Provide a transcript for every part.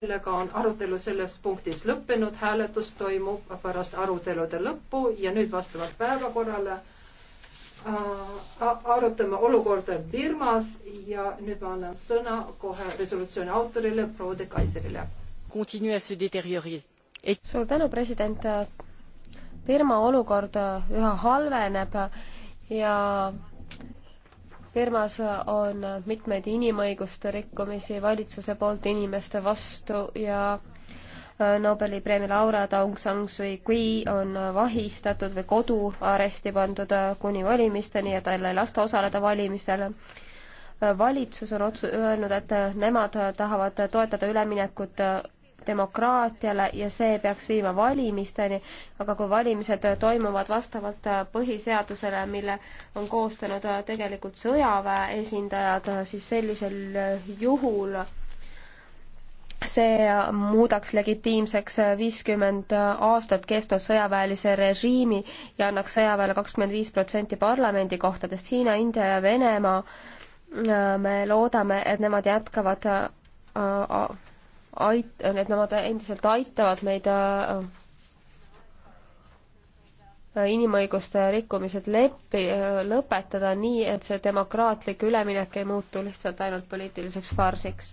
sellega on arutelu selles punktis lõppenud, hääletus toimub pärast arutelude lõppu ja nüüd vastavalt päevakorrale äh, arutame olukorda Birmas ja nüüd ma annan sõna kohe resolutsiooni autorile, proua de Kaiserile. suur tänu, president. Birma olukord äh, üha halveneb ja firmas on mitmeid inimõiguste rikkumisi valitsuse poolt inimeste vastu ja äh, Nobeli preemia laureaat Aung San Suu Kyi on vahistatud või koduaresti pandud äh, kuni valimisteni ja tal ei lasta osaleda valimistel. Äh, valitsus on otsu-, öelnud, et nemad tahavad toetada üleminekut demokraatiale ja see peaks viima valimisteni, aga kui valimised toimuvad vastavalt põhiseadusele, mille on koostanud tegelikult sõjaväe esindajad, siis sellisel juhul see muudaks legitiimseks viiskümmend aastat kestva sõjaväelise režiimi ja annaks sõjaväele kakskümmend viis protsenti parlamendikohtadest Hiina, India ja Venemaa. me loodame, et nemad jätkavad äh, ait-, et nemad endiselt aitavad meid äh, äh, inimõiguste rikkumised leppi, äh, lõpetada nii, et see demokraatlik üleminek ei muutu lihtsalt ainult poliitiliseks farsiks.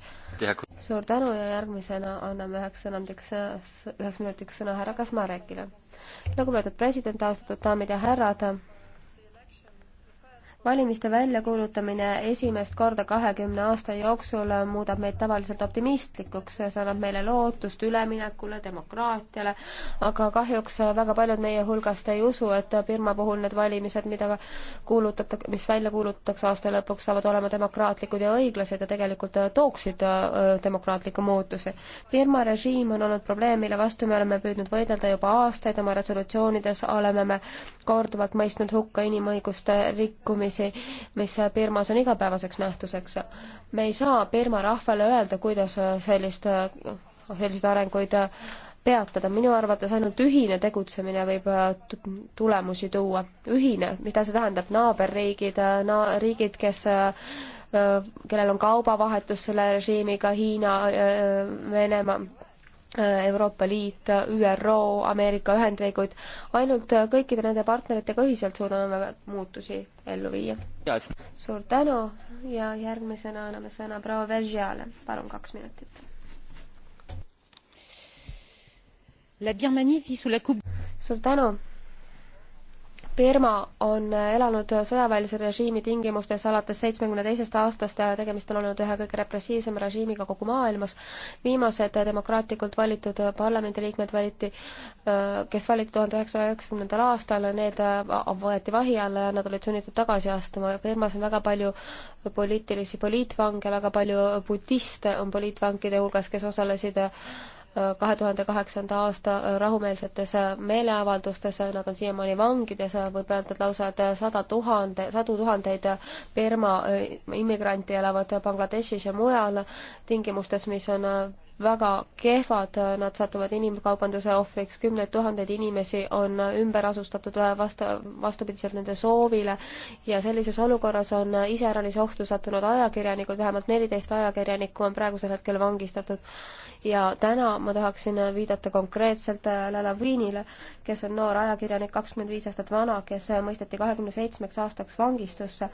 suur tänu ja järgmisena anname üheks sõnamiks, üheks minutiks sõna härra Kasmarekile. lugupeetud president, austatud daamid ja härrad, valimiste väljakuulutamine esimest korda kahekümne aasta jooksul muudab meid tavaliselt optimistlikuks, see annab meile lootust üleminekule, demokraatiale, aga kahjuks väga paljud meie hulgast ei usu, et Birma puhul need valimised, mida kuulutatakse, mis välja kuulutatakse aasta lõpuks, saavad olema demokraatlikud ja õiglased ja tegelikult tooksid äh, demokraatlikke muutusi. Birma režiim on olnud probleem, mille vastu me oleme püüdnud võidelda juba aastaid, oma resolutsioonides oleme me korduvalt mõistnud hukka inimõiguste rikkumisi, valimisi, mis Birmas on igapäevaseks nähtuseks. me ei saa Birma rahvale öelda, kuidas sellist, selliseid arenguid peatada, minu arvates ainult ühine tegutsemine võib tulemusi tuua. ühine, mida see tähendab, naaberriigid na, riigid, kes kellel on kaubavahetus selle režiimiga, Hiina, Venemaa, Äh, Euroopa Liit, ÜRO, Ameerika Ühendriigid, ainult äh, kõikide nende partneritega ühiselt suudame me muutusi ellu viia. suur tänu ja järgmisena anname sõna proua Vergiale, palun kaks minutit. suur tänu Birma on elanud sõjaväelise režiimi tingimustes alates seitsmekümne teisest aastast ja tegemist on olnud ühe kõige repressiivsema režiimiga kogu maailmas. viimased demokraatlikult valitud parlamendiliikmed valiti, kes valiti tuhande üheksasaja üheksakümnendal aastal, need võeti vahi alla ja nad olid sunnitud tagasi astuma. Birmas on väga palju poliitilisi poliitvange, väga palju budiste on poliitvangide hulgas, kes osalesid kahe tuhande kaheksanda aasta rahumeelsetes meeleavaldustes, nad on siiamaani vangides, võib öelda, et lausa et sada tuhande, sadu tuhandeid Birma immigranti elavad Bangladeshis ja mujal tingimustes, mis on väga kehvad, nad satuvad inimkaubanduse ohvriks, kümneid tuhandeid inimesi on ümber asustatud vastu, vastupidiselt nende soovile ja sellises olukorras on iseäranis ohtu sattunud ajakirjanikud, vähemalt neliteist ajakirjanikku on praegusel hetkel vangistatud. ja täna ma tahaksin viidata konkreetselt äh, Lalavinile, kes on noor ajakirjanik, kakskümmend viis aastat vana, kes mõisteti kahekümne seitsmeks aastaks vangistusse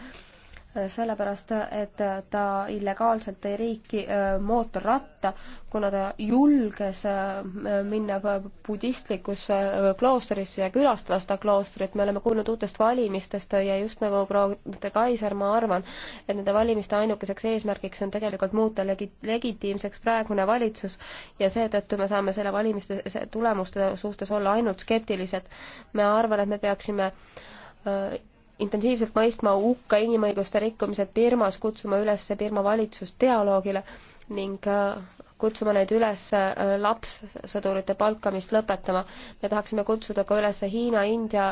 sellepärast, et ta illegaalselt tõi riiki äh, mootorratta, kuna ta julges äh, minna budistlikusse äh, kloostrisse ja külastada seda kloostrit. me oleme kuulnud uutest valimistest ja just nagu proua Kaiser, ma arvan, et nende valimiste ainukeseks eesmärgiks on tegelikult muuta legi-, legitiimseks praegune valitsus ja seetõttu me saame selle valimiste tulemuste suhtes olla ainult skeptilised. ma arvan, et me peaksime intensiivselt mõistma hukka inimõiguste rikkumised Birmas, kutsuma üles Birma valitsust dialoogile ning äh, kutsuma neid üles äh, lapssõdurite palkamist lõpetama. me tahaksime kutsuda ka üles Hiina, India,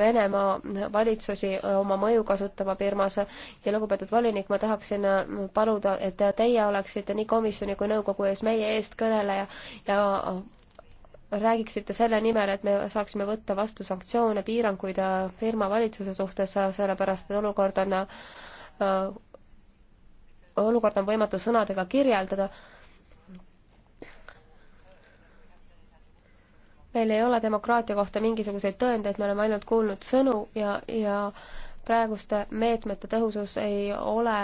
Venemaa valitsusi äh, oma mõju kasutama Birmas ja lugupeetud volinik, ma tahaksin paluda, et teie oleksite nii komisjoni kui nõukogu ees meie eestkõneleja ja räägiksite selle nimel, et me saaksime võtta vastu sanktsioone, piiranguid äh, firma valitsuse suhtes, äh, sellepärast et olukord on, äh, olukord on võimatu sõnadega kirjeldada. meil ei ole demokraatia kohta mingisuguseid tõendeid, me oleme ainult kuulnud sõnu ja, ja praeguste meetmete tõhusus ei ole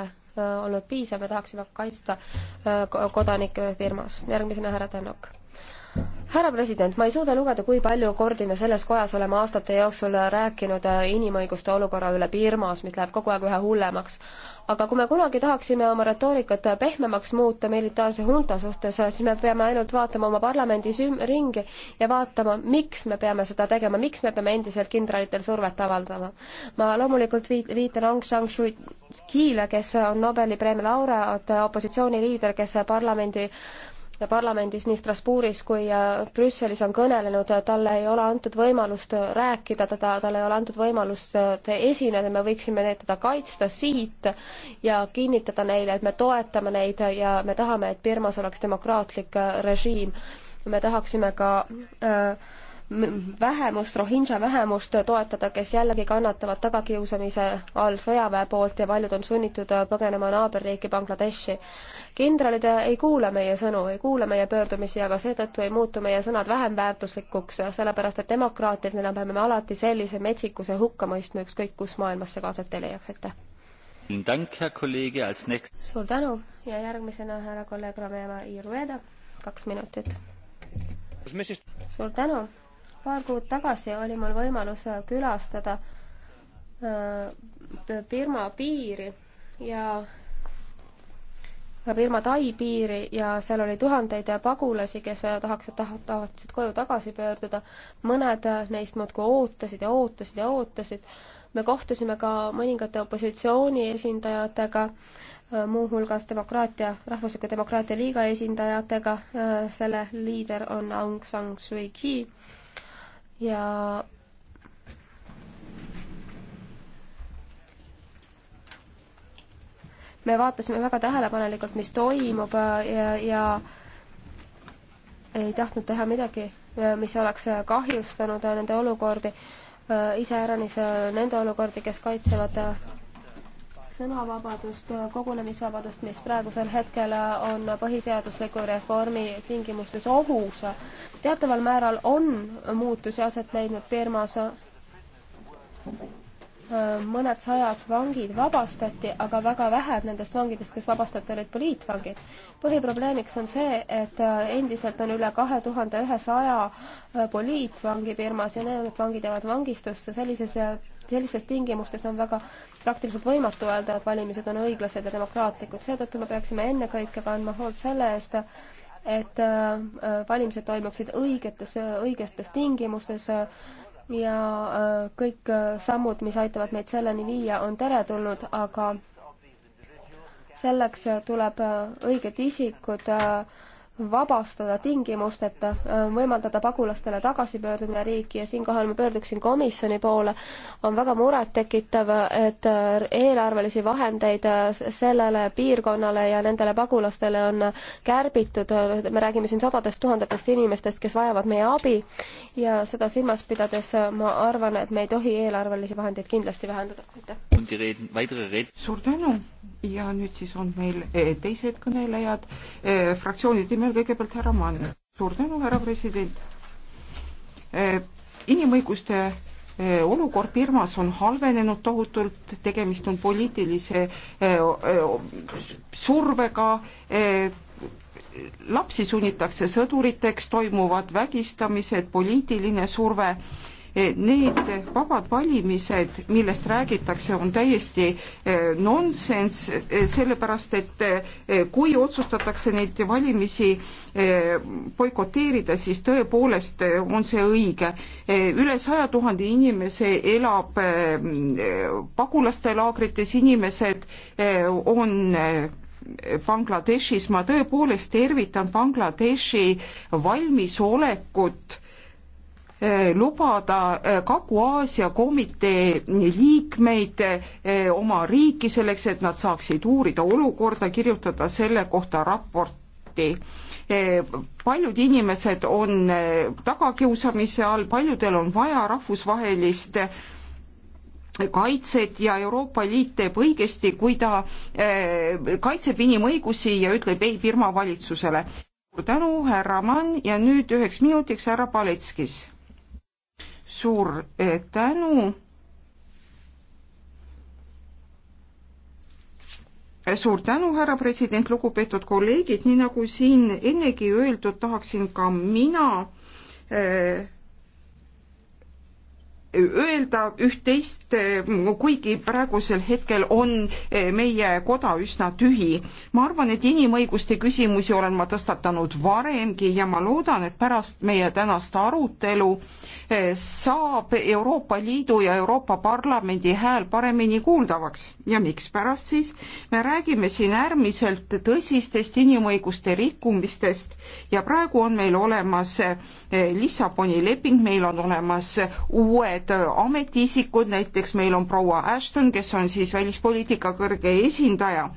olnud piisav, me tahaksime kaitsta kodanikke firmas. järgmisena härra Tänok härra president, ma ei suuda lugeda, kui palju kordi me selles kojas oleme aastate jooksul rääkinud äh, inimõiguste olukorra üle Birmas, mis läheb kogu aeg üha hullemaks. aga kui me kunagi tahaksime oma retoorikat äh, pehmemaks muuta militaarse hunta suhtes, äh, siis me peame ainult vaatama oma parlamendis ringi ja vaatama, miks me peame seda tegema, miks me peame endiselt kindralitel survet avaldama. ma loomulikult viit-, viitan Aung San Suu Kyi'le, kes on Nobeli preemia laureaat, opositsiooniliider, kes parlamendi parlamendis nii Strasbourgis kui äh, Brüsselis on kõnelenud, talle ei ole antud võimalust äh, rääkida, teda, talle ei ole antud võimalust äh, esineda, me võiksime teda kaitsta siit ja kinnitada neile, et me toetame neid ja me tahame, et Birmas oleks demokraatlik režiim. me tahaksime ka äh, vähemust, Rohingja vähemust toetada, kes jällegi kannatavad tagakiusamise all sõjaväe poolt ja paljud on sunnitud põgenema naaberriiki Bangladeshi. kindralid ei kuula meie sõnu, ei kuula meie pöördumisi, aga seetõttu ei muutu meie sõnad vähem väärtuslikuks, sellepärast et demokraatidena peame me alati sellise metsikuse hukka mõistma, ükskõik kus maailmas see kaaset ei leiaks, aitäh! suur tänu ja järgmisena härra kolleeg Romeva Irueda, kaks minutit. suur tänu! paar kuud tagasi oli mul võimalus äh, külastada äh, Birma piiri ja äh, Birma-Tai piiri ja seal oli tuhandeid pagulasi, kes tahaksid, tahtsid koju tagasi pöörduda. mõned neist muudkui ootasid ja ootasid ja ootasid. me kohtusime ka mõningate opositsiooni esindajatega, muuhulgas demokraatia, Rahvusliku Demokraatia Liiga esindajatega. selle liider on Aung San Suu Kyi ja me vaatasime väga tähelepanelikult, mis toimub ja, ja ei tahtnud teha midagi, mis oleks kahjustanud nende olukordi, iseäranis nende olukordi, kes kaitsevad sõnavabadust, kogunemisvabadust, mis praegusel hetkel on põhiseadusliku reformi tingimustes ohus. teataval määral on muutusi aset leidnud Birmas mõned sajad vangid vabastati, aga väga vähed nendest vangidest, kes vabastati, olid poliitvangid. põhiprobleemiks on see, et äh, endiselt on üle kahe tuhande ühesaja äh, poliitvangi Birmas ja need vangid jäävad vangistusse sellises, äh, sellistes tingimustes on väga praktiliselt võimatu öelda, et valimised on õiglased ja demokraatlikud, seetõttu me peaksime ennekõike kandma hoolt selle eest, et valimised toimuksid õigetes, õigetes tingimustes, ja äh, kõik äh, sammud, mis aitavad meid selleni viia, on teretulnud, aga selleks äh, tuleb õiged isikud äh, vabastada tingimusteta, äh, võimaldada pagulastele tagasipöördumine riiki ja siinkohal ma pöörduksin komisjoni poole, on väga murettekitav, et äh, eelarvelisi vahendeid äh, sellele piirkonnale ja nendele pagulastele on kärbitud, me räägime siin sadadest tuhandetest inimestest, kes vajavad meie abi ja seda silmas pidades ma arvan, et me ei tohi eelarvelisi vahendeid kindlasti vähendada, aitäh. suur tänu ja nüüd siis on meil eh, teised kõnelejad eh, fraktsioonide nimel kõigepealt härra Mann. suur tänu, härra president. Eh, inimõiguste olukord Birmas on halvenenud tohutult, tegemist on poliitilise survega lapsi sunnitakse sõduriteks, toimuvad vägistamised, poliitiline surve Eh, need vabad valimised, millest räägitakse, on täiesti eh, nonsenss, eh, sellepärast et kui otsustatakse neid valimisi boikoteerida, siis tõepoolest on see õige. üle saja tuhande inimese elab pagulastelaagrites, inimesed on Bangladeshis, ma tõepoolest tervitan Bangladeshi valmisolekut Eh, lubada eh, Kagu-Aasia komitee liikmeid eh, oma riiki selleks, et nad saaksid uurida olukorda, kirjutada selle kohta raporti. paljud inimesed on tagakiusamise all, paljudel on vaja rahvusvahelist kaitset ja Euroopa Liit teeb õigesti, kui ta kaitseb inimõigusi ja ütleb ei Birma valitsusele. suur tänu, härra Mann ja nüüd üheks minutiks härra Paletskis suur eh, tänu. suur tänu, härra president, lugupeetud kolleegid, nii nagu siin ennegi öeldud, tahaksin ka mina äh, öelda üht-teist, eh, kuigi praegusel hetkel on eh, meie koda üsna tühi. ma arvan, et inimõiguste küsimusi olen ma tõstatanud varemgi ja ma loodan, et pärast meie tänast arutelu eh, saab Euroopa Liidu ja Euroopa Parlamendi hääl paremini kuuldavaks. ja mikspärast siis? me räägime siin äärmiselt tõsistest inimõiguste rikkumistest ja praegu on meil olemas Lissaboni leping, meil on olemas uued mõned äh, ametiisikud, näiteks meil on proua Ashton, kes on siis välispoliitika kõrge esindaja.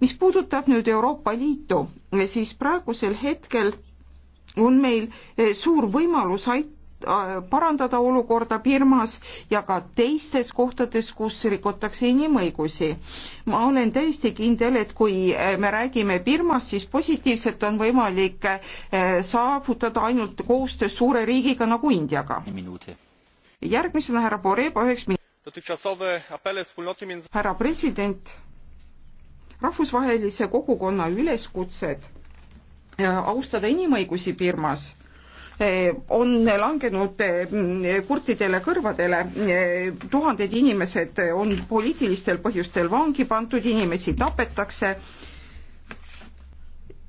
mis puudutab nüüd Euroopa Liitu, eh, siis praegusel hetkel on meil eh, suur võimalus aita äh, parandada olukorda Birmas ja ka teistes kohtades, kus rikutakse inimõigusi. ma olen täiesti kindel, et kui eh, me räägime Birmast, siis positiivselt on võimalik saavutada ainult koostöös suure riigiga nagu Indiaga. minuti järgmisena härra Poreba üheks minutiks. härra president, rahvusvahelise kogukonna üleskutsed e, austada inimõigusi Birmas e, on langenud e, kurtidele kõrvadele. tuhanded inimesed on poliitilistel põhjustel vangi pandud, inimesi tapetakse.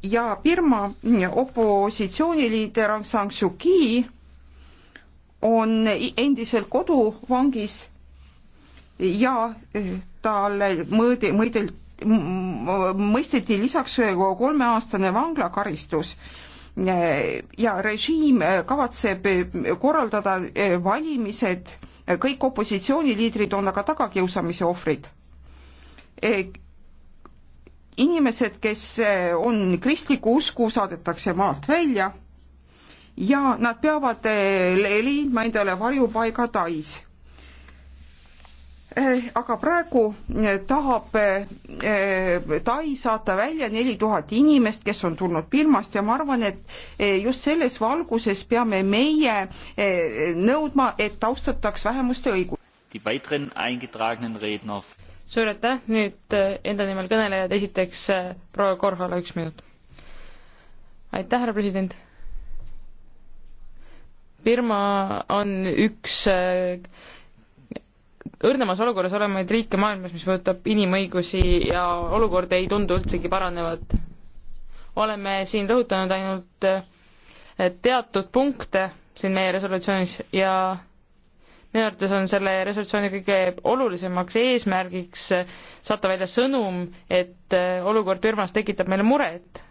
ja Birma opositsiooniliider Aung San Suu Kyi on endiselt koduvangis ja eh, talle mõõdi, mõõdelt, mõisteti lisaks kolmeaastane vanglakaristus ja režiim eh, kavatseb eh, korraldada valimised, kõik opositsiooniliidrid on aga tagakiusamise ohvrid. inimesed, kes on kristliku usku, saadetakse maalt välja ja nad peavad eh, leidma endale varjupaiga Tais. Eh, aga praegu eh, tahab Tai saata välja neli tuhat inimest, kes on tulnud Birmast ja ma arvan, et just selles valguses peame meie nõudma, et austataks vähemuste õigusi. Die weiteren eingetragenen Redner suur aitäh, nüüd enda nimel kõnelejad, esiteks proua Korhola, üks minut. aitäh, härra president Birma on üks äh, õrnemas olukorras olevaid riike maailmas, mis puudutab inimõigusi ja olukord ei tundu üldsegi paranevat. oleme siin rõhutanud ainult äh, teatud punkte siin meie resolutsioonis ja minu arvates on selle resolutsiooni kõige olulisemaks eesmärgiks saata välja sõnum, et äh, olukord Birmas tekitab meile muret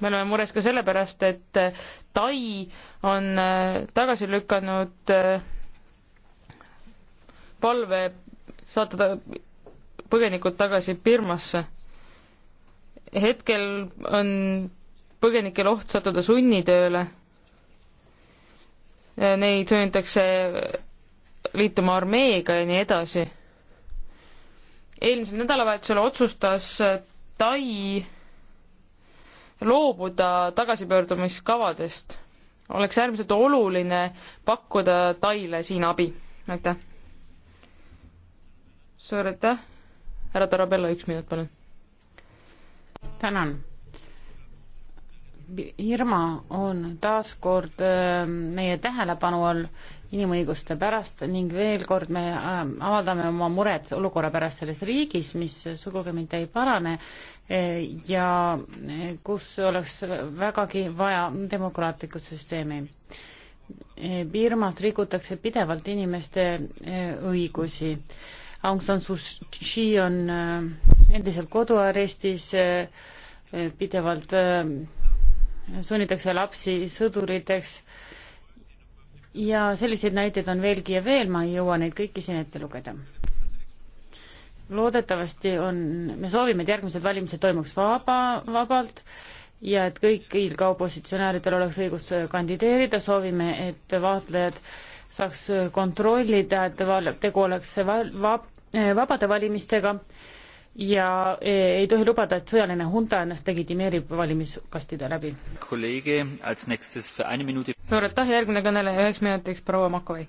me oleme mures ka sellepärast, et äh, Tai on äh, tagasi lükanud äh, palve saata ta põgenikud tagasi Birmasse. hetkel on põgenikel oht sattuda sunnitööle. Neid sunnitakse liituma armeega ja nii edasi. eelmisel nädalavahetusel otsustas Tai loobuda tagasipöördumiskavadest. oleks äärmiselt oluline pakkuda Taile siin abi. aitäh. suur aitäh. härra Tarabella, üks minut, palun. tänan. Irma on taas kord äh, meie tähelepanu all inimõiguste pärast ning veel kord me ähm, avaldame oma muret olukorra pärast selles riigis, mis sugugi mitte ei parane e, ja e, kus oleks vägagi vaja demokraatlikku süsteemi. E, Birmas rikutakse pidevalt inimeste õigusi. Aung San Suu Kyi on endiselt koduarestis, pidevalt sunnitakse lapsi sõduriteks ja selliseid näiteid on veelgi ja veel, ma ei jõua neid kõiki siin ette lugeda. loodetavasti on, me soovime, et järgmised valimised toimuks vaba, vabalt ja et kõigil ka opositsionääridel oleks õigus kandideerida, soovime, et vaatlejad saaks kontrollida, et tegu oleks va-, va-, vabade valimistega ja e, ei tohi lubada, et sõjaline hunta ennast legitimeerib valimiskastide läbi. suur aitäh, järgmine kõneleja üheks minutiks, proua Makovei.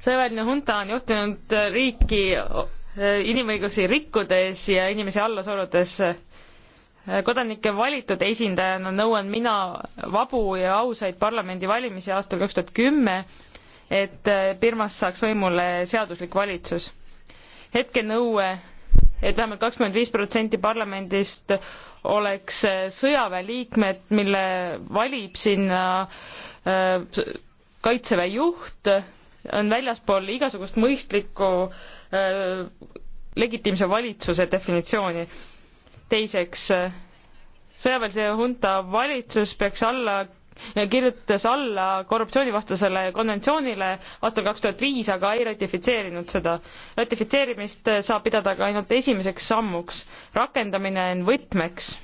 sõjaväeline hunta on juhtinud riiki e, inimõigusi rikkudes ja inimesi alla surudes e, kodanike valitud esindajana nõuan mina vabu ja ausaid parlamendivalimisi aastal kaks tuhat kümme et äh, Birmas saaks võimule seaduslik valitsus. hetkenõue, et vähemalt kakskümmend viis protsenti parlamendist oleks äh, sõjaväeliikmed, mille valib sinna äh, kaitseväe juht, on väljaspool igasugust mõistlikku legitiimse valitsuse definitsiooni. teiseks, sõjaväelise hunta valitsus peaks alla kirjutas alla korruptsioonivastasele konventsioonile aastal kaks tuhat viis, aga ei ratifitseerinud seda. ratifitseerimist saab pidada ka ainult esimeseks sammuks. rakendamine on võtmeks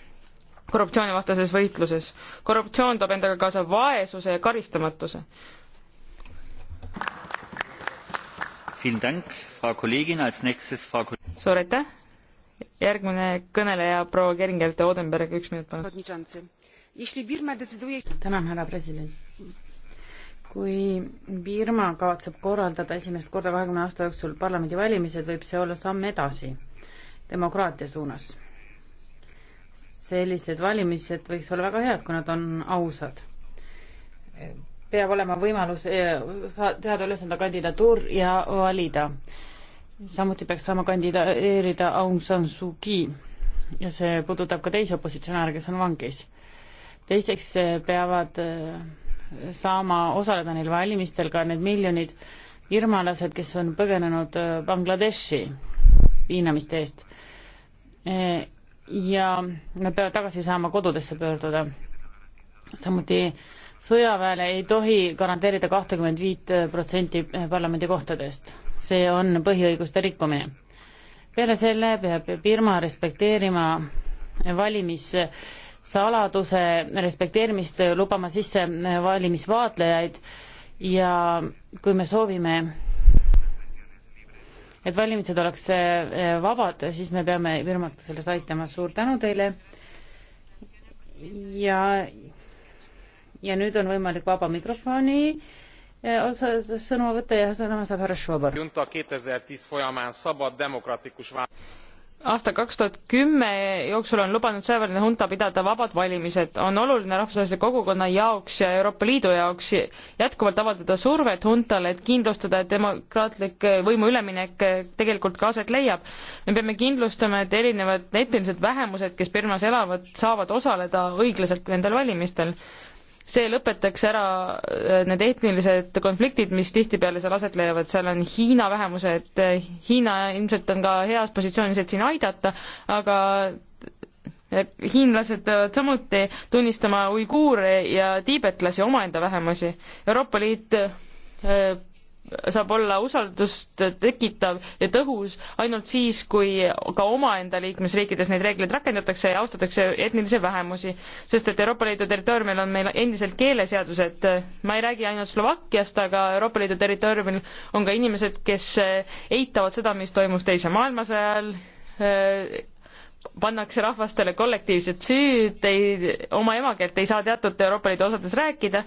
korruptsioonivastases võitluses. korruptsioon toob endaga kaasa vaesuse ja karistamatuse. suur aitäh! järgmine kõneleja, proua Keringerte Odenberg, üks minut palun. tänan, härra president. kui Birma kavatseb korraldada esimest korda kahekümne aasta jooksul parlamendivalimised, võib see olla samm edasi demokraatia suunas. sellised valimised võiks olla väga head, kui nad on ausad. peab olema võimalus eh, teada üles anda kandidatuur ja valida samuti peaks saama kandideerida Aung San Suu Kyi ja see puudutab ka teisi opositsionääre, kes on vangis. teiseks eh, peavad eh, saama osaleda neil valimistel ka need miljonid irmalased, kes on põgenenud eh, Bangladeshi piinamiste eest. ja nad peavad tagasi saama kodudesse pöörduda. samuti sõjaväele ei tohi garanteerida kahtekümmend viit protsenti parlamendikohtadest see on põhiõiguste rikkumine. peale selle peab Birma respekteerima valimissaladuse respekteerimist, lubama sisse valimisvaatlejaid ja kui me soovime, et valimised oleks vabad, siis me peame Birmat selles aitama. suur tänu teile ja ja nüüd on võimalik vaba mikrofoni sõnuma võtta ja sõna saab härra Švabor. aasta kaks tuhat kümme jooksul on lubanud sõjaväeline hunta pidada vabad valimised. on oluline rahvusvahelise kogukonna jaoks ja Euroopa Liidu jaoks jätkuvalt avaldada survet huntale, et kindlustada, et demokraatlik võimu üleminek tegelikult ka aset leiab. me peame kindlustama, et erinevad etnilised vähemused, kes Birmas elavad, saavad osaleda õiglaselt nendel valimistel see lõpetaks ära äh, need etnilised konfliktid, mis tihtipeale seal aset leiavad, seal on Hiina vähemused, äh, Hiina ilmselt on ka heas positsioonis, et siin aidata, aga äh, hiinlased peavad samuti tunnistama uiguure ja tiibetlasi omaenda vähemusi. Euroopa Liit saab olla usaldust tekitav ja tõhus ainult siis, kui ka omaenda liikmesriikides neid reegleid rakendatakse ja austatakse etnilisi vähemusi. sest et Euroopa Liidu territooriumil on meil endiselt keeleseadused, ma ei räägi ainult Slovakkiast, aga Euroopa Liidu territooriumil on ka inimesed, kes eitavad seda, mis toimus Teise maailmasõja ajal, pannakse rahvastele kollektiivsed süüd, ei, oma emakeelt ei saa teatud Euroopa Liidu osades rääkida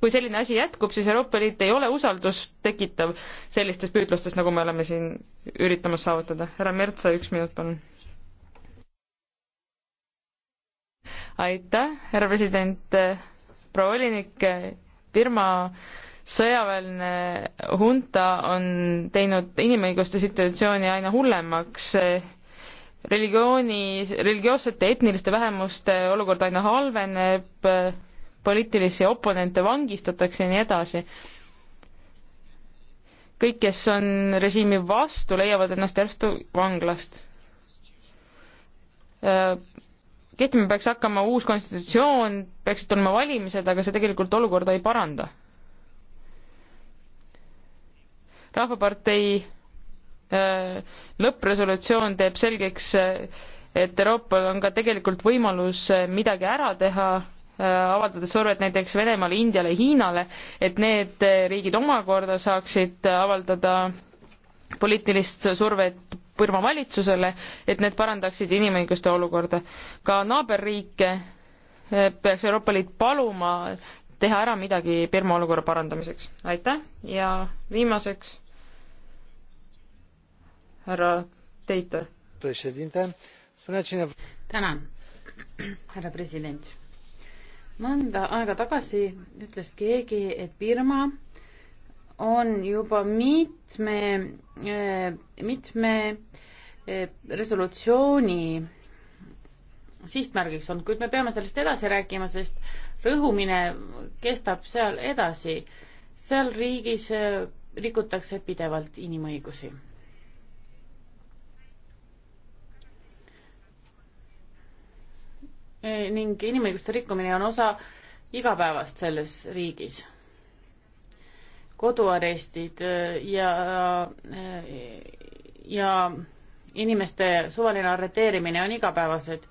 kui selline asi jätkub, siis Euroopa Liit ei ole usaldust tekitav sellistes püüdlustes, nagu me oleme siin üritamas saavutada. härra Mertsa, üks minut, palun. aitäh, härra president, proua volinik, Birma sõjaväeline hunta on teinud inimõiguste situatsiooni aina hullemaks, religiooni, religioossete etniliste vähemuste olukord aina halveneb, poliitilisi oponente vangistatakse ja nii edasi. kõik, kes on režiimi vastu, leiavad ennast järsku vanglast. Äh, kehtima peaks hakkama uus konstitutsioon, peaksid tulema valimised, aga see tegelikult olukorda ei paranda. rahvapartei äh, lõppresolutsioon teeb selgeks, äh, et Euroopal on ka tegelikult võimalus midagi ära teha Äh, avaldada survet näiteks Venemaale, Indiale, Hiinale, et need äh, riigid omakorda saaksid äh, avaldada poliitilist survet Burma valitsusele, et need parandaksid inimõiguste olukorda. ka naaberriike peaks Euroopa Liit paluma teha ära midagi Birma olukorra parandamiseks. aitäh ja viimaseks härra Teitor. tänan, härra president mõnda aega tagasi ütles keegi, et Birma on juba mitme, eh, mitme eh, resolutsiooni sihtmärgiks olnud, kuid me peame sellest edasi rääkima, sest rõhumine kestab seal edasi. seal riigis eh, rikutakse pidevalt inimõigusi Eh, ning inimõiguste rikkumine on osa igapäevast selles riigis. koduarestid eh, ja, eh, ja inimeste suvaline arreteerimine on igapäevased.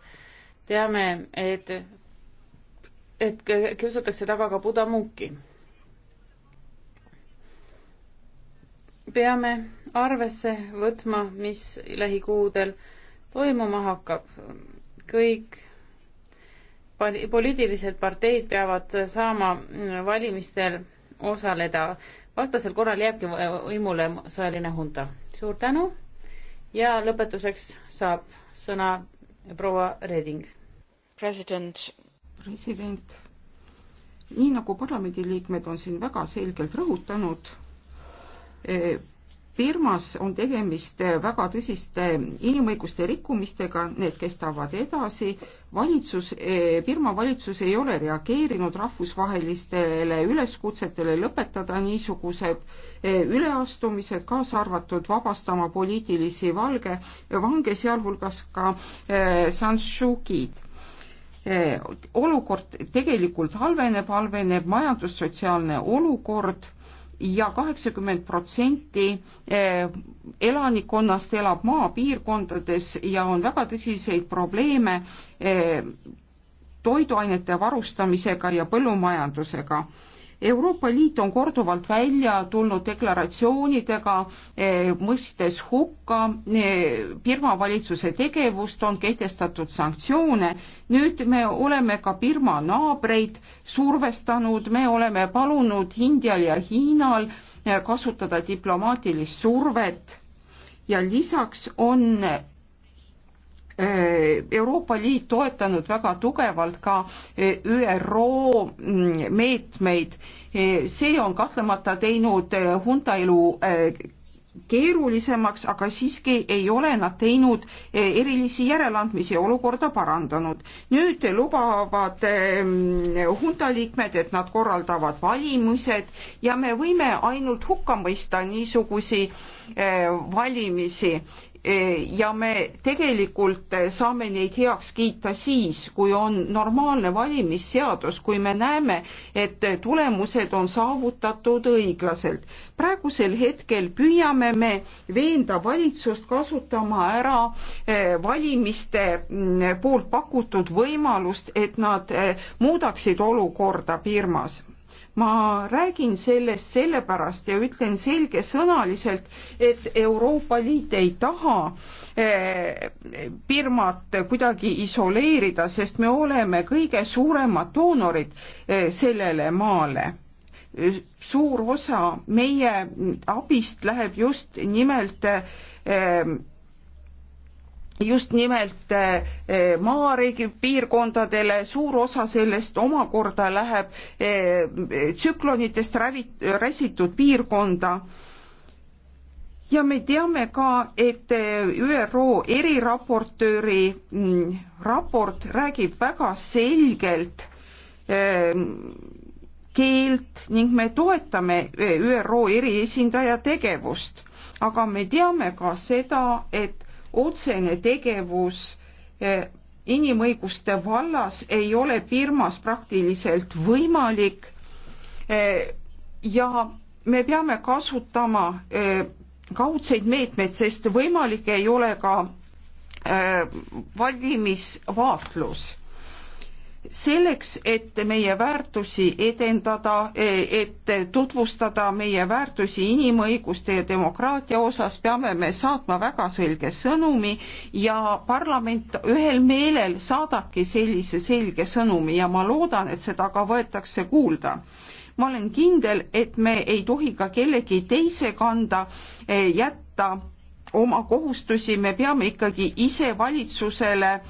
teame, et, et kiusatakse taga ka Buda munki. peame arvesse võtma, mis lähikuudel toimuma hakkab. kõik poliitilised parteid peavad saama valimistel osaleda, vastasel korral jääbki võimule sõjaline hunta. suur tänu ja lõpetuseks saab sõna proua Reding. president. president, nii nagu parlamendiliikmed on siin väga selgelt rõhutanud, Birmas eh, on tegemist eh, väga tõsiste inimõiguste rikkumistega, need kestavad edasi valitsus, Birma eh, valitsus ei ole reageerinud rahvusvahelistele üleskutsetele lõpetada niisugused eh, üleastumised, kaasa arvatud vabastama poliitilisi valge, vange, sealhulgas ka äh, Sanšukid olukord tegelikult halveneb, halveneb majandussotsiaalne olukord ja kaheksakümmend protsenti eh, elanikkonnast elab maapiirkondades ja on väga tõsiseid probleeme eh, toiduainete varustamisega ja põllumajandusega Euroopa Liit on korduvalt välja tulnud deklaratsioonidega, eh, mõistes hukka eh, Birma valitsuse tegevust, on kehtestatud sanktsioone. nüüd me oleme ka Birma naabreid survestanud, me oleme palunud Indial ja Hiinal eh, kasutada diplomaatilist survet ja lisaks on Äh, Euroopa Liit toetanud väga tugevalt ka äh, ÜRO mm, meetmeid. Äh, see on kahtlemata teinud hunta elu keerulisemaks, aga siiski ei ole nad teinud erilisi järeleandmisi ja olukorda parandanud. nüüd lubavad hunta liikmed, et nad korraldavad valimised ja me võime ainult hukka mõista niisugusi valimisi ja me tegelikult saame neid heaks kiita siis, kui on normaalne valimisseadus, kui me näeme, et tulemused on saavutatud õiglaselt. praegusel hetkel püüame me veenda valitsust kasutama ära eh, valimiste mm, poolt pakutud võimalust, et nad eh, muudaksid olukorda Birmas ma räägin sellest sellepärast ja ütlen selgesõnaliselt, et Euroopa Liit ei taha Birmat eh, kuidagi isoleerida, sest me oleme kõige suuremad doonorid eh, sellele maale suur osa meie abist läheb just nimelt eh, just nimelt eh, eh, maariigi piirkondadele, suur osa sellest omakorda läheb eh, tsüklonitest räsitud piirkonda. ja me teame ka, et ÜRO eriraportööri mm, raport räägib väga selgelt keelt ning me toetame ÜRO eriesindaja tegevust, aga me teame ka seda, et otsene tegevus eh, inimõiguste vallas ei ole Birmas praktiliselt võimalik eh, ja me peame kasutama eh, kaudseid meetmeid, sest võimalik ei ole ka valimisvaatlus selleks, et meie väärtusi edendada, eh, et tutvustada meie väärtusi inimõiguste ja demokraatia osas, peame me saatma väga selge sõnumi ja parlament ühel meelel saadabki sellise selge sõnumi ja ma loodan, et seda ka võetakse kuulda ma olen kindel, et me ei tohi ka kellegi teise kanda eh, jätta oma kohustusi, me peame ikkagi ise valitsusele äh,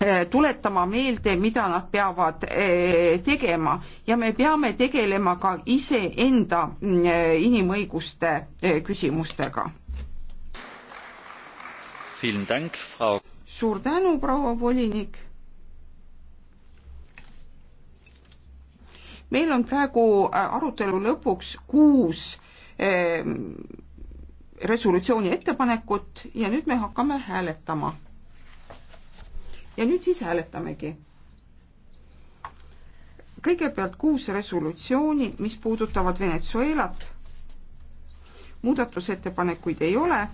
Eh, tuletama meelde, mida nad peavad eh, tegema ja me peame tegelema ka iseenda mm, inimõiguste eh, küsimustega. suur tänu, proua volinik. meil on praegu äh, arutelu lõpuks kuus resolutsiooni ettepanekut ja nüüd me hakkame hääletama ja nüüd siis hääletamegi. kõigepealt kuus resolutsiooni, mis puudutavad Venezuelat. muudatusettepanekuid ei ole.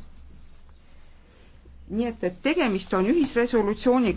nii et, et tegemist on ühisresolutsiooniga.